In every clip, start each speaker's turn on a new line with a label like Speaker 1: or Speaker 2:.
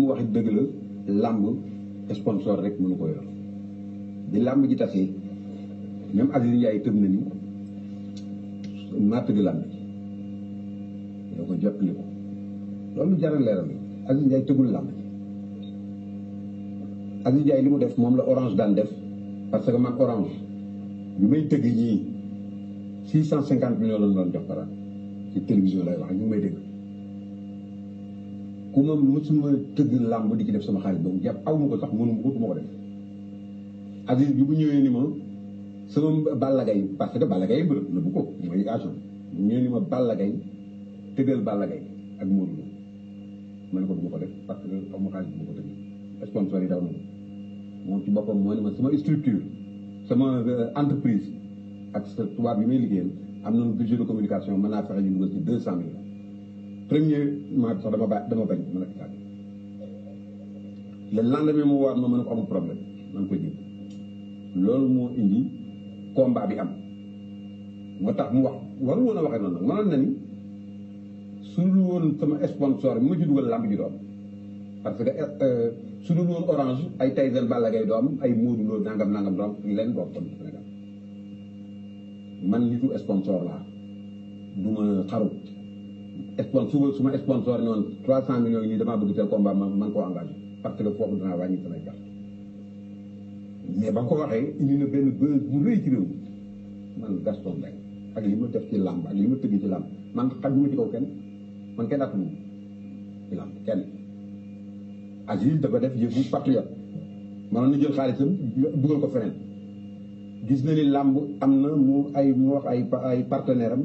Speaker 1: mu wax dëgg la làmb sponsor rek mënu ko yor di làmb ji tasee même Aziz Ndiaye tëb na ni maa tëgg làmb ji yoo ko jot li ko loolu jaral leeral Aziz Ndiaye tëggul làmb ji Aziz li mu def moom la orange daan def parce que man orange bi may tëgg ñii six cent cinquante millions lañ doon jox par ci télévision lay wax ñu may dégg ku ma mësuma tëgg làmb di ci def sama xaalis donc jàpp aw ko sax mënu ma ko du ko def Aziz bi mu ñëwee ni ma sama Balla parce que Balla Gaye bërëb ko mooy agent mu ñëwee ni ma Balla ak Modou ko du ko def parce que aw ma moom ci boppam moo ne ma sama structure sama euh, entreprise ak sa tubaab yi may liggéeyal am nañu budget de communication mën naa fexe ñu dugal ci deux cent mille premièrement sax dama ba dama bañ ma nekk tàgg la lendemain mu waat ma mën ko amul problème man ko jël loolu moo indi combat bi am moo tax mu wax waru woon a waxee noonu nag mënoon na sama sponsor bi ma ci dugal parce que euh, su dul woon orange ay Tyson Balla Gaye ay Modou Lo nangam nangam doom leen doom tam Sénégal man nitu sponsor laa du xaru sponsor suba su ma sponsor ne woon 300 millions yi nii damaa bëgg tel combat ma man koo engagé parce que foofu danaa wàññi samay gàtt mais ba ko waxee indi na benn buzz bu rëy ci réew man Gaston Mbengue ak li ma def ci làmb ak li ma tëgg ci làmb man xajuma ci kaw kenn man kenn ak moom ci làmb kenn Aziz dafa def yëfu patriote manoon na jël xaalisam dugal ko feneen gis na ni làmb am na mu ay mu wax ay ay partenaire am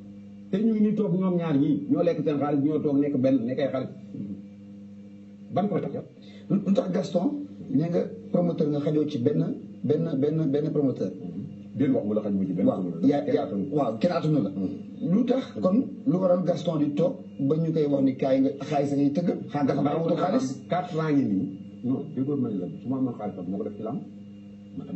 Speaker 1: te ñu ngi ñu toog ñoom ñaar ñii ñoo lekk seen xaalis ñoo toog nekk benn nekkay xarit ban promoteur. lu tax Gaston nee nga promoteur nga xajoo ci benn benn benn benn promoteur. biir wax wala xajoo ci benn. waaw yaa yaa waaw kenn atanu la. lu tax kon lu waral Gaston di toog ba ñu koy wax ni kaay nga xaalis ngay tëgg. xaalis dafa bari wutul xaalis. quatre ans ngi nii non déggoo ma la su ma